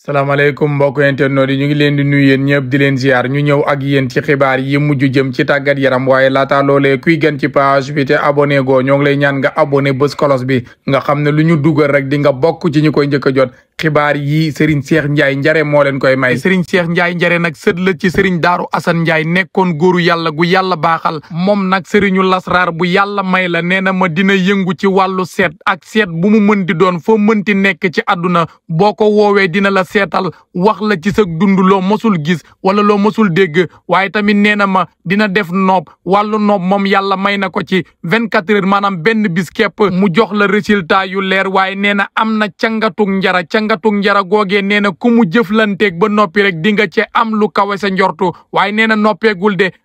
salaamaaleykum mbokk internautes yi ñu ngi leen di nuyu yéen ñëpp di leen ziar ñu ñëw ak yéen ci xibaar yi mujj jëm ci tàggat yaram waaye laata loolee kuy gën ci page bi te abonné goo ñoo ngi lay ñaan nga abonné bés kolos bi nga xam ne lu ñu dugal rek di nga bokk ci ñu koy njëkk a jot xibaar yi Serigne Cheikh Ndiaye Njare moo leen koy may Serigne Cheikh Ndiaye Njare nag sët la ci Serigne Daaru Assane Ndiaye nekkoon góoru yàlla gu yàlla baaxal moom nag Serigne Lasraar bu yàlla may la nee na ma dina yëngu ci wàllu seet ak seet bu mu mën di doon foo mënti nekk ci àdduna boo ko woowee dina la seetal wax la ci sa dund loo mosul gis wala loo mosul dégg waaye tamit nee na ma dina def noob wàllu noob moom yàlla may na ko ci vingt-quatre maanaam benn bis képp mu jox la résultat yu leer waaye nee na jàngatu njara googee nee na ku mu jëflanteeg ba noppi rek di nga ci am lu kawe sa njortu waaye nee na noppeegul de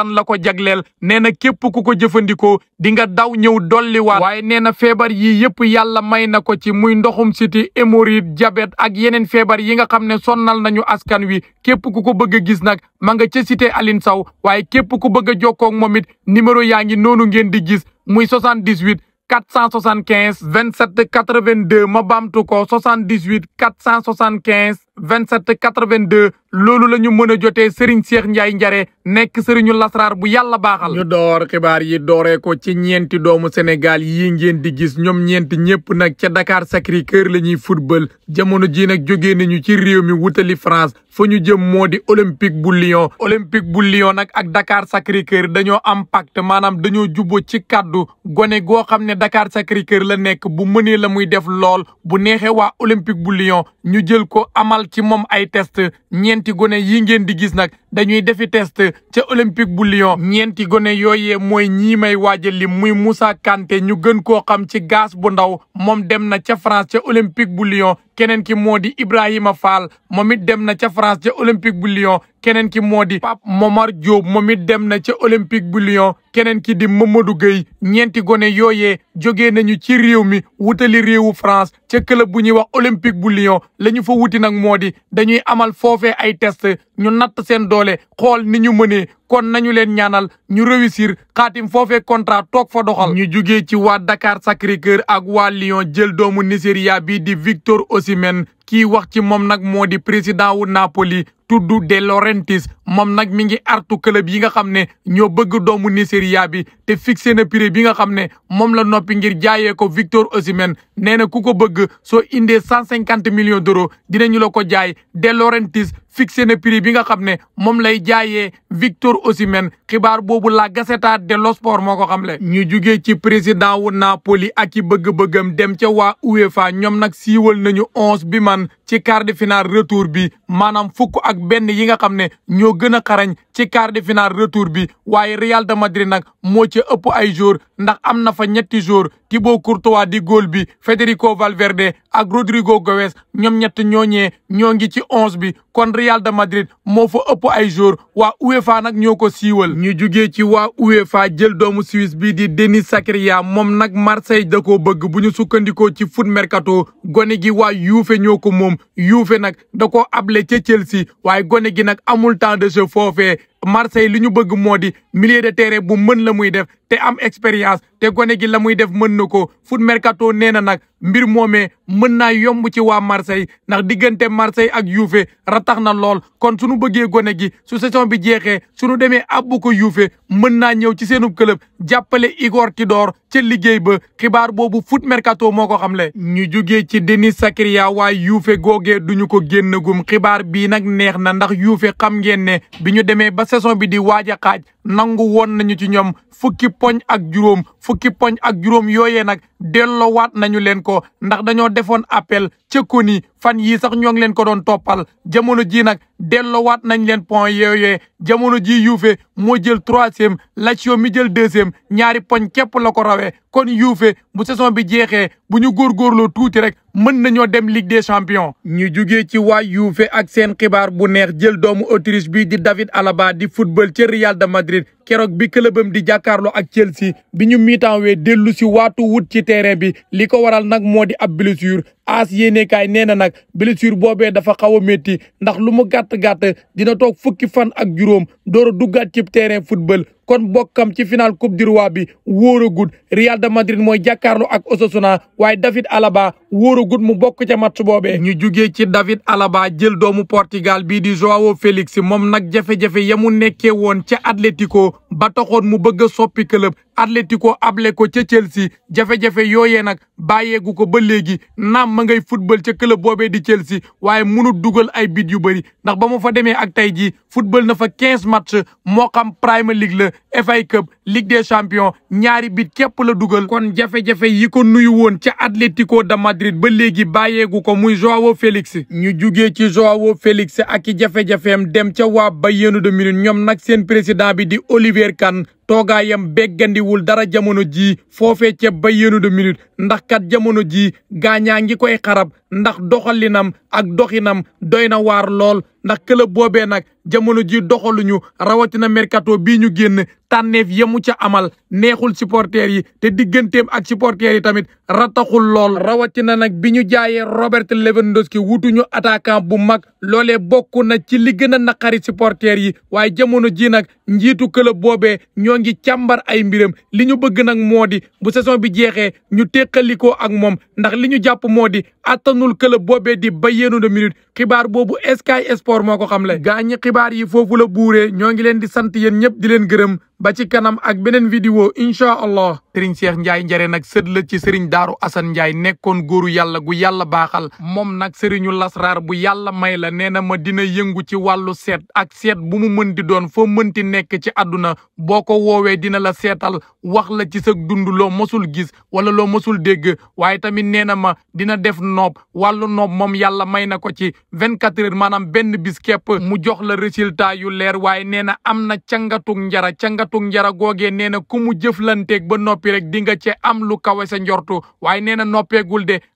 kattan la ko jagleel nee na képp ku ko jëfandikoo di nga daw ñëw dolliwaat waaye nee na feebar yi yëpp yàlla may na ko ci muy ndoxum siti hémorroïde jabet ak yeneen feebar yi nga xam ne sonnal nañu askan wi képp ku ko bëgg a gis nag ma nga ca cité Aline Sow waaye képp ku bëgg a jokkoo ak moom it numéro yaa ngi noonu ngeen di gis muy 78 475 27 82 ma baamtu ko 78 475 27 82 loolu la ñu mën a jotee Serigne Cheikh Ndiaye Njare nekk Serigne lasraar bu yàlla baaxal. ñu door xibaar yi dooree ko ci ñeenti doomu Sénégal yi ngeen di gis ñoom ñeenti ñëpp nag ca Dakar Sacré-Cœur la ñuy football jamono ji nag jógee nañu ci réew mi wutali France fa ñu jëm moo di Olympique bu Lyon. Olympique bu Lyon nag ak Dakar Sacré-Cœur dañoo am pacte maanaam dañoo jubbo ci kaddu gone goo xam ne Dakar Sacré-Cœur la nekk bu mënee la muy def lool bu neexee waa Olympique bu Lyon ñu jël ko gone yi ngeen di gis nag dañuy defi test ca olympique bu Lyon ñeenti gone yooyee mooy ñii may waaja lim muy Moussa ñu gën koo xam ci gaas bu ndaw moom dem na ca France ca olympique bu Lyon keneen ki moo di Ibrahima Fall moom it dem na ca France ca olympique bu Lyon keneen ki moo di Pape Momar Diop moom it dem na ca olympique bu Lyon keneen ki di Mamadou Gueye ñeenti gone yooyee jógee nañu ci réew mi wutali réewu France ca club bu ñuy wax olympique bu Lyon la ñu fa wuti nag moo di dañuy amal foofee ay test ñu natt seen doole xool ni ñu mënee kon nañu leen ñaanal ñu réussir xaatim foofee contrat toog fa doxal. ñu jugee ci waa Dakar Sacré-Cœur ak waa Lyon jël doomu Nigeria bi di Victor Osimhen kii wax ci moom nag moo di président wu Napoli. tudd De Laurentiis moom nag mi ngi artu club yi nga xam ne ñoo bëgg doomu Nigeria bi te fixé na prix bi nga xam ne moom la noppi ngir jaayee ko Victor Osimhen nee na ku ko bëgg soo indee cent cinquante millions d'euros dinañu la ko jaay De Laurentiis fixé na prix bi nga xam ne moom lay jaayee Victor Osimhen xibaar boobu la Gazzetta dello Sport moo ko xam xamle. ñu jugee ci président wu Napoli ak i bëgg-bëggam dem ca waa UEFA ñoom nag siiwal nañu onze bi man ci quart de finale retour bi maanaam fukk ak benn yi nga xam ne ñoo gën a xarañ ci quart de finale retour bi waaye Real de Madrid nag moo ci ëpp ay jour ndax am na fa ñetti jour Thibaut Courtois di góol bi Federico Valverde ak Rodrigo Goes ñoom ñett ñooñee ñoo ngi ci onze bi kon Real de Madrid moo fa ëpp ay jour waa UEFA nag ñoo ko siiwal ñu jugee ci waa UEFA jël doomu Suisse bii di Denis Zakaria moom nag Marseille da koo bëgg bu ñu sukkandikoo ci foot mercato gone gi waa Juve ñoo ko moom yuufe nag da koo able ca Chelsea waaye gone gi nag amul temps de jeu foofee Marseille li ñu bëgg moo di milieu de terrain bu mën la muy def te am expérience te gone gi la muy def mën na ko foot mercato nee na nag mbir moomee mën naa yomb ci waa Marseille ndax diggante Marseille ak Juve ratax na lool kon sunu bëggee gone gi su seson bi jeexee suñu demee abbu ko Juve mën naa ñëw ci seenu club jàppale Igor Tudor ci liggéey ba xibaar boobu foot mercato moo ko xamle ñu jugee ci Denis Zakaria waa Juve googee ñu ko génnagum xibaar bii nag neex na ndax Juve xam ngeen ne bi ñu demee saison bi di waaj a xaaj nangu woon nañu ci ñoom fukki poñ ak juróom fukki poñ ak juróom yooyee nag delloowaat nañu leen ko ndax dañoo defoon appel ca koni fan yii sax ñoo ngi leen ko doon toppal jamono ji nag delloowaat nañ leen point yooyee jamono ji yuufe moo jël troisième Lazio mi jël deuxième ñaari poñ képp la ko rawee kon yuufe bu saison bi jeexee bu ñu góorgóorloo tuuti rek mën nañoo dem Ligue des champions ñu jugee ci waa yuufe ak seen xibaar bu neex jël doomu autrice bi di David Alaba di football ca Real de Madrid keroog bi clubam di jàkkaarloo ak Chelsea bi ñu waatu terrain bi li ko waral nag moo di ab blessure aas yéenekaay nee na nag blessure boobee dafa xaw a métti ndax lu mu gàtt-gàtt dina toog fukki fan ak juróom door a duggaat cib terrain football kon bokkam ci final coupe du roi bi wóoragut Real de Madrid mooy jàkkaarloo ak Osasuna waaye David Alaba wóoragut mu bokk ca match boobee. ñu jugee ci David Alaba jël doomu Portugal bii di Joao Félix moom nag jafe-jafe ya mu nekkee woon ca Atlético ba taxoon mu bëgg a soppi club Atlético able ko ca Chelsea jafe-jafe yooyee nag bàyyeegu ko ba léegi ma ngay football ca club boobee di Chelsea waaye mënut dugal ay bit yu bëri ndax ba mu fa demee ak tey jii football na fa quinze match moo xam Premier League la FA Cup Ligue des champions ñaari bit képp la dugal kon jafe-jafe yi ko nuyu woon ca Atlético da Madrid ba léegi bàyyeegu ko muy Joao Félix ñu jugee ci Joao Félix ak i jafe-jafeem dem ca waa Bayern de Munich ñoom nag seen président bi di Olivier Kahn yam beggandiwul dara jamono jii foofee ca Bayern de Munich ndax kat jamono jii gaañaa ngi koy xarab ndax doxalinam ak doxinam doy na waar lool ndax këlëb boobee nag jamono ji doxaluñu rawatina mercato bii ñu génn tànneef yemu ca amal neexul supporters yi te digganteem ak supporters yi tamit rataxul lool rawatina nag bi ñu jaayee Robert Lewandowski wutuñu attaquant bu mag loolee bokk na ci li gën a naqari supporters yi waaye jamono ji nag njiitu club boobee ñoo ngi càmbar ay mbiram li ñu bëgg nag moo di bu saison bi jeexee ñu teqalikoo ak moom ndax li ñu jàpp moo di attanul club boobee di Bayern de Munich xibaar boobu Sky Sport moo ko xam le gaañi xibaar yi foofu la buuree ñoo ngi leen di sant yéen ñëpp di leen gërëm ba ci kanam ak beneen vidéo incha allah Serigne Cheikh Ndiaye njare nag sët la ci Serigne daaru asan njaay nekkoon góoru yàlla gu yàlla baaxal moom nag sëriñu lasraar bu yàlla may la nee na ma dina yëngu ci wàllu seet ak seet bu mu mën di doon foo mënti nekk ci àdduna boo ko woowee dina la seetal wax la ci sa dund loo mosul gis wala loo mosul dégg waaye tamit nee na ma dina def noob wàllu noob moom yàlla may na ko ci vingt-quatre heures maanaam benn bis képp mu jox la résultat yu leer waaye nee na am na cangatug njara cangatug njara googee nee na ku mu jëflanteeg ba noppi rek di nga ci waaye nee na noppeegul de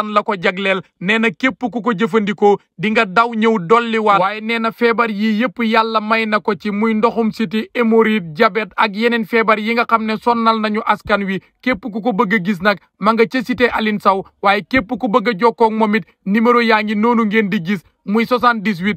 tan la ko jagleel nee na képp ku ko jëfandikoo di nga daw ñëw dolliwaat waaye nee na feebar yii yëpp yàlla may na ko ci muy ndoxum siti hémorroïde jabet ak yeneen feebar yi nga xam ne sonnal nañu askan wi képp ku ko bëgg gis nag ma nga ca cité Aline saw waaye képp ku bëgg a jokkoo moom it numéro yaa ngi noonu ngeen di gis muy 78